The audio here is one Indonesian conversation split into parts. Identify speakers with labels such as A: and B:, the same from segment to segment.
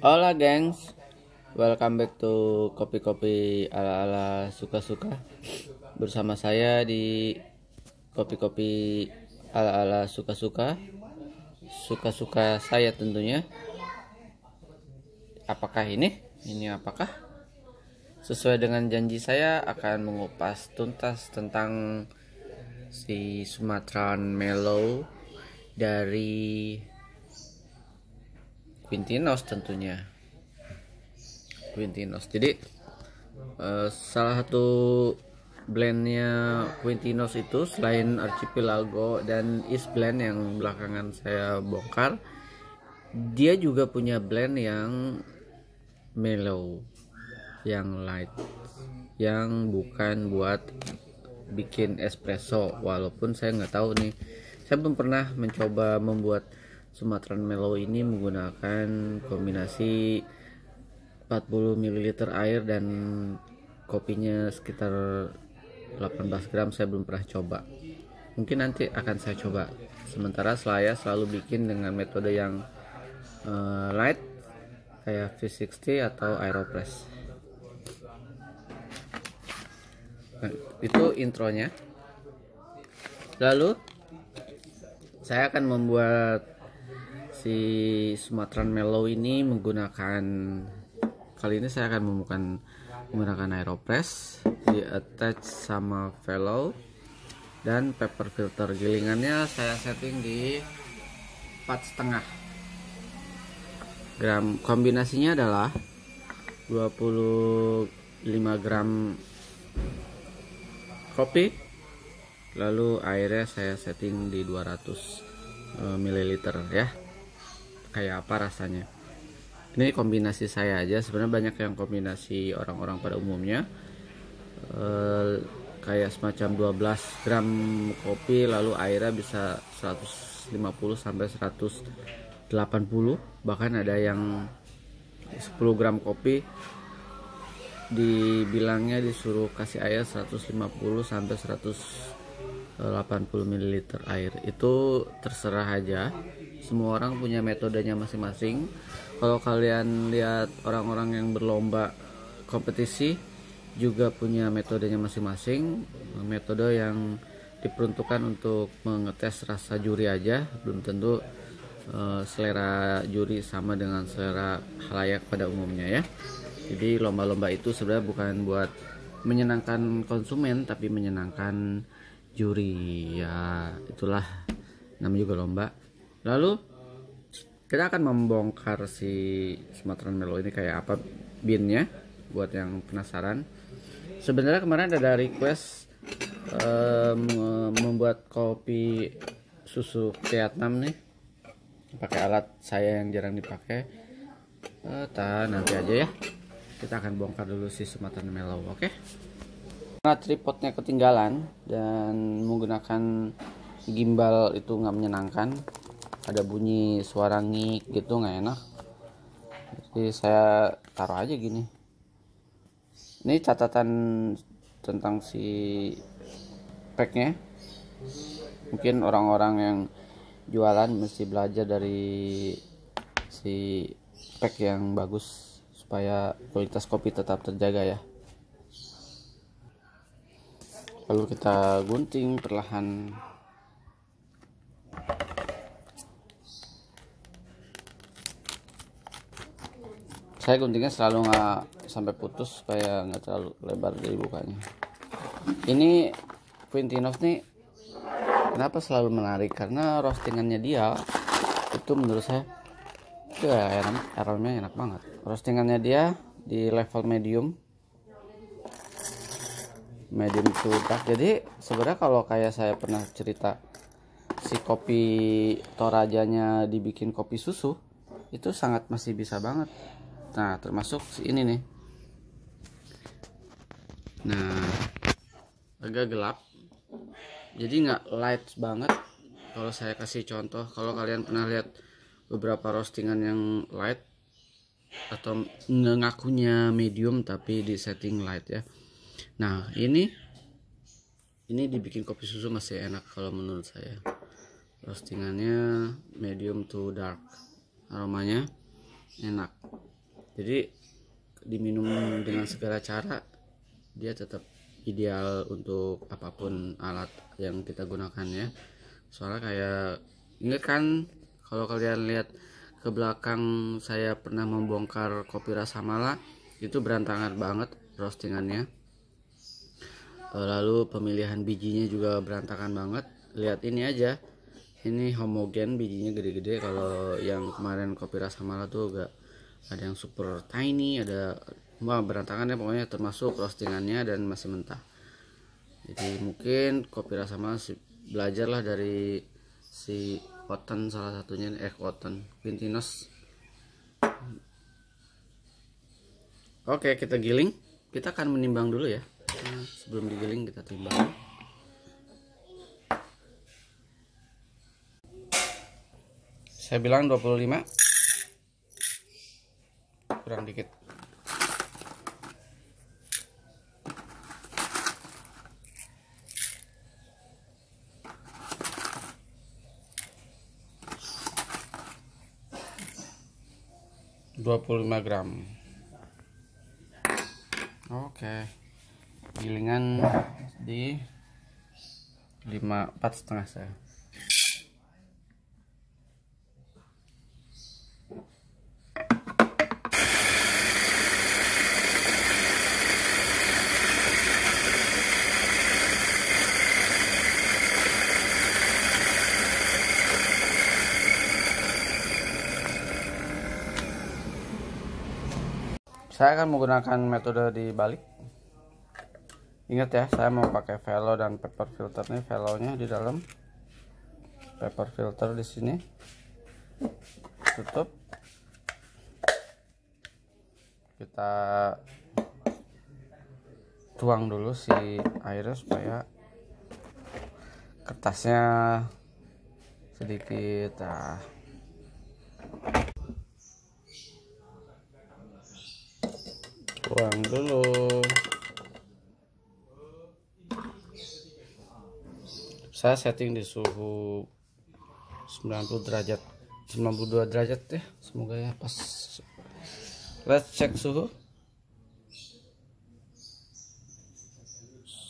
A: Hola gengs Welcome back to kopi-kopi ala-ala suka-suka Bersama saya di kopi-kopi ala-ala suka-suka Suka-suka saya tentunya Apakah ini? Ini apakah? Sesuai dengan janji saya akan mengupas tuntas tentang si Sumatera Mellow dari Quintinos tentunya Quintinos jadi eh, salah satu blendnya Quintinos itu selain Archipelago dan East Blend yang belakangan saya bongkar dia juga punya blend yang mellow yang light yang bukan buat bikin espresso walaupun saya nggak tahu nih saya belum pernah mencoba membuat Sumatera Melo ini menggunakan kombinasi 40 ml air dan kopinya sekitar 18 gram saya belum pernah coba mungkin nanti akan saya coba sementara saya selalu bikin dengan metode yang uh, light kayak V60 atau aeropress nah, itu intronya lalu saya akan membuat si Sumatran Mellow ini menggunakan kali ini saya akan menggunakan menggunakan aeropress di attach sama fellow dan paper filter gilingannya saya setting di empat setengah gram kombinasinya adalah 25 gram kopi lalu airnya saya setting di 200 eh, ml ya kayak apa rasanya ini kombinasi saya aja sebenarnya banyak yang kombinasi orang-orang pada umumnya e, kayak semacam 12 gram kopi lalu airnya bisa 150 sampai 180 bahkan ada yang 10 gram kopi dibilangnya disuruh kasih air 150 sampai 100 80 ml air itu terserah aja semua orang punya metodenya masing-masing kalau kalian lihat orang-orang yang berlomba kompetisi juga punya metodenya masing-masing metode yang diperuntukkan untuk mengetes rasa juri aja belum tentu uh, selera juri sama dengan selera layak pada umumnya ya jadi lomba-lomba itu sebenarnya bukan buat menyenangkan konsumen tapi menyenangkan juri ya itulah namanya juga lomba lalu kita akan membongkar si Sumatera Melo ini kayak apa binnya buat yang penasaran sebenarnya kemarin ada request um, membuat kopi susu Vietnam nih pakai alat saya yang jarang dipakai uh, nanti aja ya kita akan bongkar dulu si Sumatera Melo oke okay? karena tripodnya ketinggalan dan menggunakan gimbal itu nggak menyenangkan ada bunyi suara ngik gitu nggak enak jadi saya taruh aja gini ini catatan tentang si packnya mungkin orang-orang yang jualan mesti belajar dari si pack yang bagus supaya kualitas kopi tetap terjaga ya lalu kita gunting perlahan saya guntingnya selalu nggak sampai putus supaya nggak terlalu lebar dari bukanya ini Quintinos nih kenapa selalu menarik karena roastingannya dia itu menurut saya itu ya, aromanya enak banget roastingannya dia di level medium made in Tutak jadi sebenarnya kalau kayak saya pernah cerita si kopi torajanya dibikin kopi susu itu sangat masih bisa banget nah termasuk si ini nih nah agak gelap jadi nggak light banget kalau saya kasih contoh kalau kalian pernah lihat beberapa roastingan yang light atau ngakunya medium tapi di setting light ya nah ini ini dibikin kopi susu masih enak kalau menurut saya roastingannya medium to dark aromanya enak jadi diminum dengan segala cara dia tetap ideal untuk apapun alat yang kita gunakan ya soalnya kayak ini kan kalau kalian lihat ke belakang saya pernah membongkar kopi rasa mala itu berantangan banget roastingannya Eh, lalu pemilihan bijinya juga berantakan banget lihat ini aja ini homogen bijinya gede-gede kalau yang kemarin kopi rasa mala tuh agak ada yang super tiny ada wah berantakan ya pokoknya termasuk roastingannya dan masih mentah jadi mungkin kopi rasa mala si, belajarlah dari si Cotton salah satunya eh Cotton pintinos oke kita giling kita akan menimbang dulu ya sebelum digiling kita timbang saya bilang 25 kurang dikit dua puluh lima gram oke okay gilingan di lima empat setengah saya saya akan menggunakan metode dibalik ingat ya saya mau pakai velo dan paper filter nih velonya di dalam paper filter di sini tutup kita tuang dulu si airnya supaya kertasnya sedikit nah. tuang dulu saya setting di suhu 90 derajat 92 derajat ya semoga ya pas let's check suhu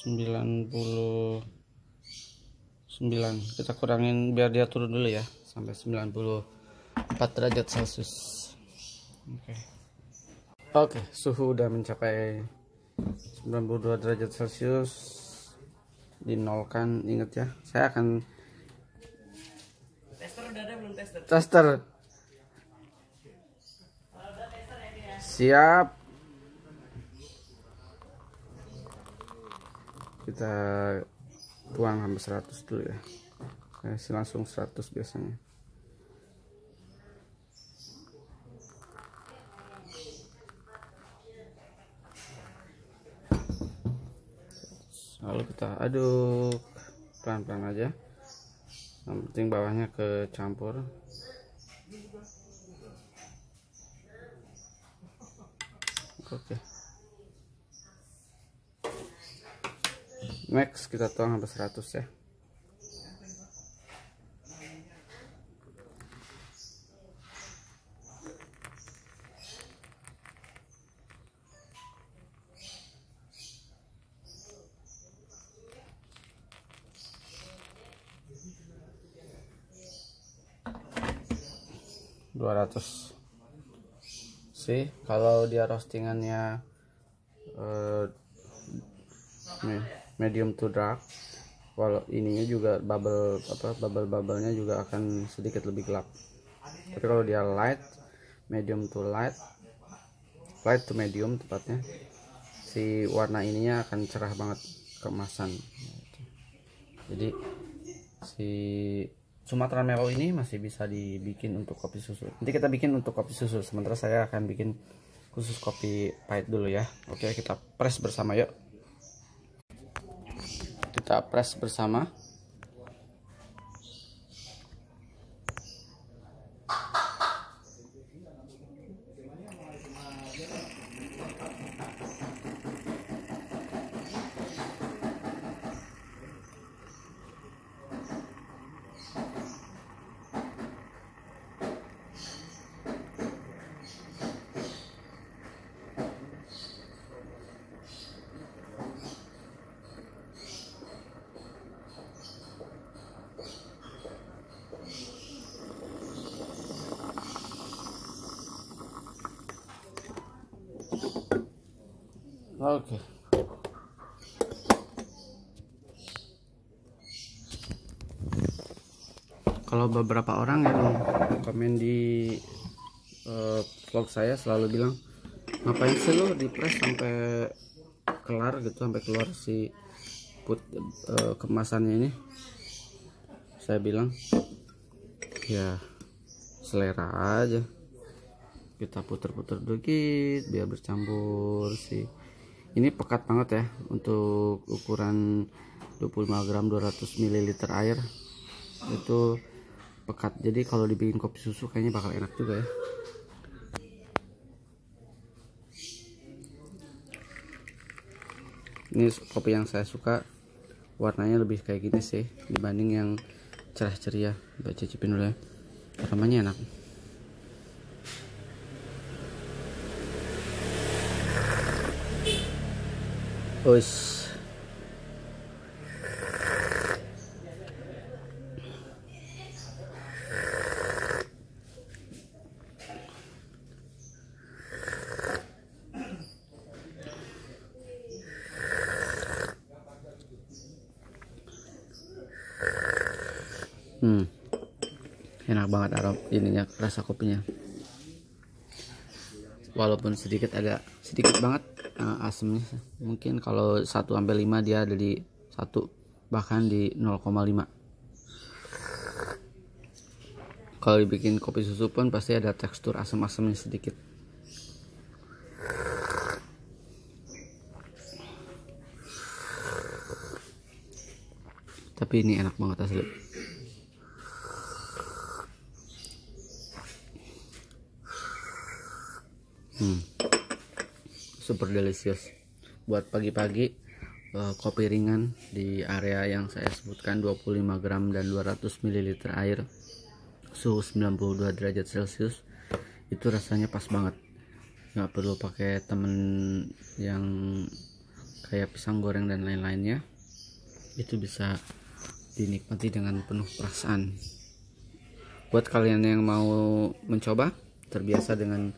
A: 99 kita kurangin biar dia turun dulu ya sampai 94 derajat celcius oke okay. okay, suhu udah mencapai 92 derajat celcius dinolkan inget ya saya akan tester udah ada belum tester tester siap kita tuang hampir 100 dulu ya saya langsung 100 biasanya lalu kita aduk pelan-pelan aja yang penting bawahnya kecampur oke max kita tuang sampai 100 ya 200 sih kalau dia roastingannya uh, medium to dark walau ininya juga bubble apa bubble bubblenya juga akan sedikit lebih gelap tapi kalau dia light medium to light light to medium tepatnya si warna ininya akan cerah banget kemasan. jadi si Sumatera Merah ini masih bisa dibikin untuk kopi susu. Nanti kita bikin untuk kopi susu. Sementara saya akan bikin khusus kopi pahit dulu ya. Oke, kita press bersama yuk. Kita press bersama. Oke, Kalau beberapa orang yang komen di eh, vlog saya selalu bilang ngapain sih lo di press sampai kelar gitu sampai keluar si put eh, kemasannya ini. Saya bilang ya selera aja kita puter-puter dikit biar bercampur sih ini pekat banget ya untuk ukuran 25 gram 200 ml air itu pekat jadi kalau dibikin kopi susu kayaknya bakal enak juga ya ini kopi yang saya suka warnanya lebih kayak gini sih dibanding yang cerah ceria Baca cicipin dulu ya aromanya enak Terus Hmm. Enak banget arom ininya rasa kopinya. Walaupun sedikit agak sedikit banget uh, eh, asemnya mungkin kalau 1 sampai 5 dia ada di 1 bahkan di 0,5 kalau dibikin kopi susu pun pasti ada tekstur asam-asamnya sedikit tapi ini enak banget asli hmm super delicious buat pagi-pagi uh, kopi ringan di area yang saya sebutkan 25 gram dan 200 ml air suhu 92 derajat celcius itu rasanya pas banget nggak perlu pakai temen yang kayak pisang goreng dan lain-lainnya itu bisa dinikmati dengan penuh perasaan buat kalian yang mau mencoba terbiasa dengan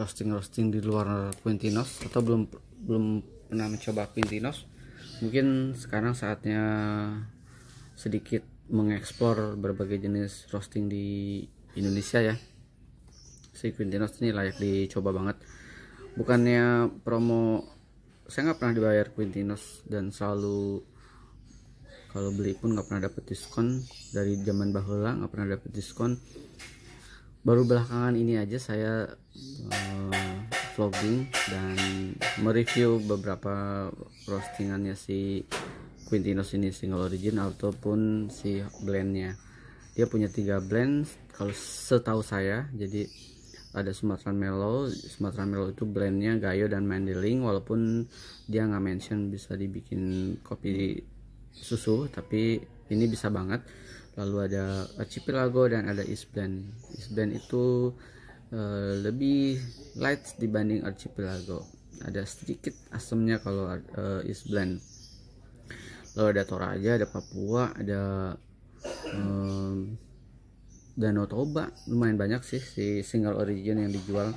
A: roasting roasting di luar Quintinos atau belum belum pernah mencoba Quintinos mungkin sekarang saatnya sedikit mengeksplor berbagai jenis roasting di Indonesia ya si Quintinos ini layak dicoba banget bukannya promo saya nggak pernah dibayar Quintinos dan selalu kalau beli pun nggak pernah dapet diskon dari zaman bahula nggak pernah dapet diskon baru belakangan ini aja saya uh, vlogging dan mereview beberapa roastingannya si Quintinos ini single origin ataupun si blendnya dia punya tiga blend kalau setahu saya jadi ada Sumatera Mellow Sumatera Mellow itu blendnya Gayo dan Mandeling walaupun dia nggak mention bisa dibikin kopi susu tapi ini bisa banget lalu ada archipelago dan ada east bend itu uh, lebih light dibanding archipelago ada sedikit asamnya kalau uh, bend lalu ada toraja ada papua ada um, danau toba lumayan banyak sih si single origin yang dijual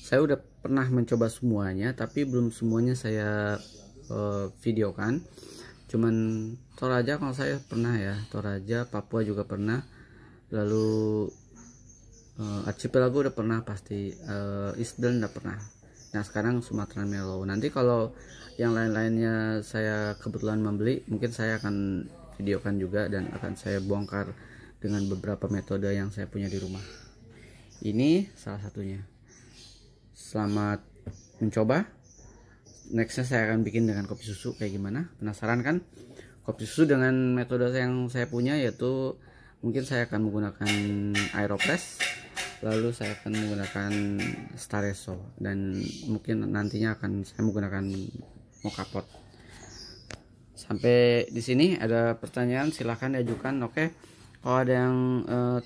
A: saya udah pernah mencoba semuanya tapi belum semuanya saya uh, videokan cuman Toraja kalau saya pernah ya Toraja Papua juga pernah lalu uh, archipelago udah pernah pasti uh, eh, Eastern udah pernah nah sekarang Sumatera Melo nanti kalau yang lain-lainnya saya kebetulan membeli mungkin saya akan videokan juga dan akan saya bongkar dengan beberapa metode yang saya punya di rumah ini salah satunya selamat mencoba nextnya saya akan bikin dengan kopi susu kayak gimana penasaran kan kopi susu dengan metode yang saya punya yaitu mungkin saya akan menggunakan aeropress lalu saya akan menggunakan stareso dan mungkin nantinya akan saya menggunakan mocha pot sampai di sini ada pertanyaan silahkan diajukan oke kalau ada yang uh,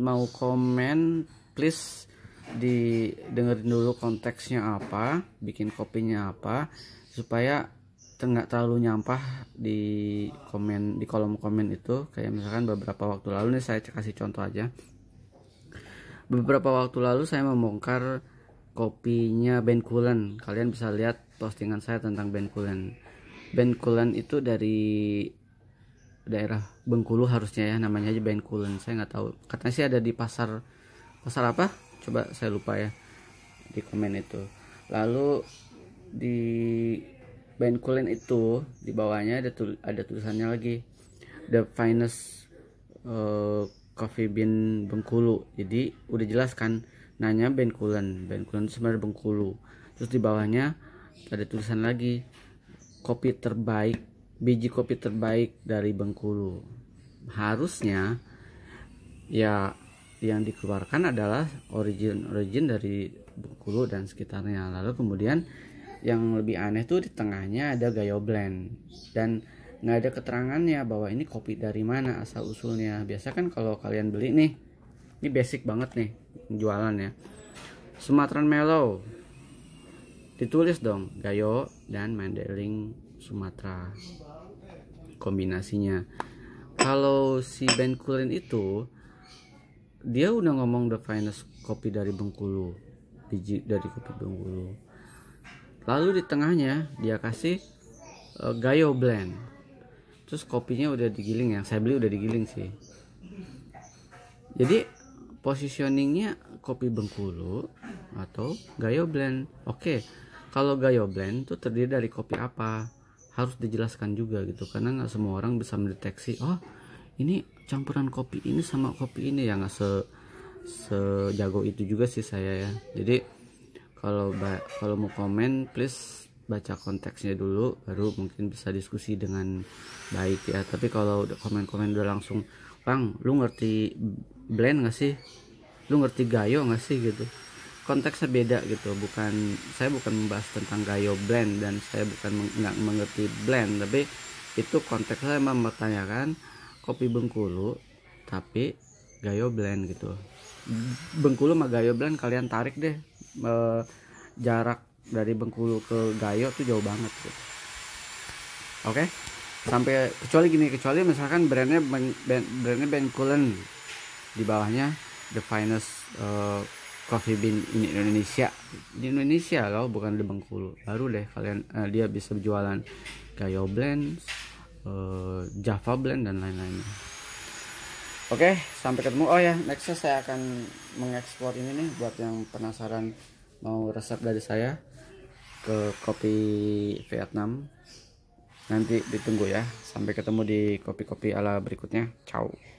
A: mau komen please didengerin dulu konteksnya apa bikin kopinya apa supaya nggak terlalu nyampah di komen di kolom komen itu kayak misalkan beberapa waktu lalu nih saya kasih contoh aja beberapa waktu lalu saya membongkar kopinya Ben Kulen kalian bisa lihat postingan saya tentang Ben Kulen Ben Kulen itu dari daerah Bengkulu harusnya ya namanya aja Ben Kulen saya nggak tahu katanya sih ada di pasar pasar apa coba saya lupa ya di komen itu lalu di band itu di bawahnya ada tul ada tulisannya lagi the finest uh, coffee bean Bengkulu jadi udah jelas kan nanya band Kulen band sebenarnya Bengkulu terus di bawahnya ada tulisan lagi kopi terbaik biji kopi terbaik dari Bengkulu harusnya ya yang dikeluarkan adalah origin origin dari Bengkulu dan sekitarnya lalu kemudian yang lebih aneh tuh di tengahnya ada Gayo Blend dan nggak ada keterangannya bahwa ini kopi dari mana asal usulnya biasa kan kalau kalian beli nih ini basic banget nih jualan ya Sumatera Mellow ditulis dong Gayo dan Mandeling Sumatera kombinasinya kalau si Ben Kulin itu dia udah ngomong the finest kopi dari Bengkulu biji dari kopi Bengkulu lalu di tengahnya dia kasih uh, Gayo blend terus kopinya udah digiling yang saya beli udah digiling sih jadi positioningnya kopi Bengkulu atau Gayo blend oke okay. kalau Gayo blend tuh terdiri dari kopi apa harus dijelaskan juga gitu karena nggak semua orang bisa mendeteksi oh ini campuran kopi ini sama kopi ini ya nggak se sejago itu juga sih saya ya jadi kalau kalau mau komen please baca konteksnya dulu baru mungkin bisa diskusi dengan baik ya tapi kalau udah komen-komen udah langsung bang lu ngerti blend gak sih lu ngerti gayo gak sih gitu konteksnya beda gitu bukan saya bukan membahas tentang gayo blend dan saya bukan nggak mengerti blend tapi itu konteksnya memang mempertanyakan kopi Bengkulu tapi gayo blend gitu Bengkulu sama gayo blend kalian tarik deh e, jarak dari Bengkulu ke Gayo tuh jauh banget gitu. oke sampai kecuali gini kecuali misalkan brandnya brandnya Ben Bengkulen di bawahnya the finest e, coffee bean in Indonesia di Indonesia loh bukan di Bengkulu baru deh kalian eh, dia bisa jualan Gayo Blend uh, Java Blend dan lain lain oke okay, sampai ketemu oh ya nextnya saya akan mengeksplor ini nih buat yang penasaran mau resep dari saya ke kopi Vietnam nanti ditunggu ya sampai ketemu di kopi-kopi ala berikutnya ciao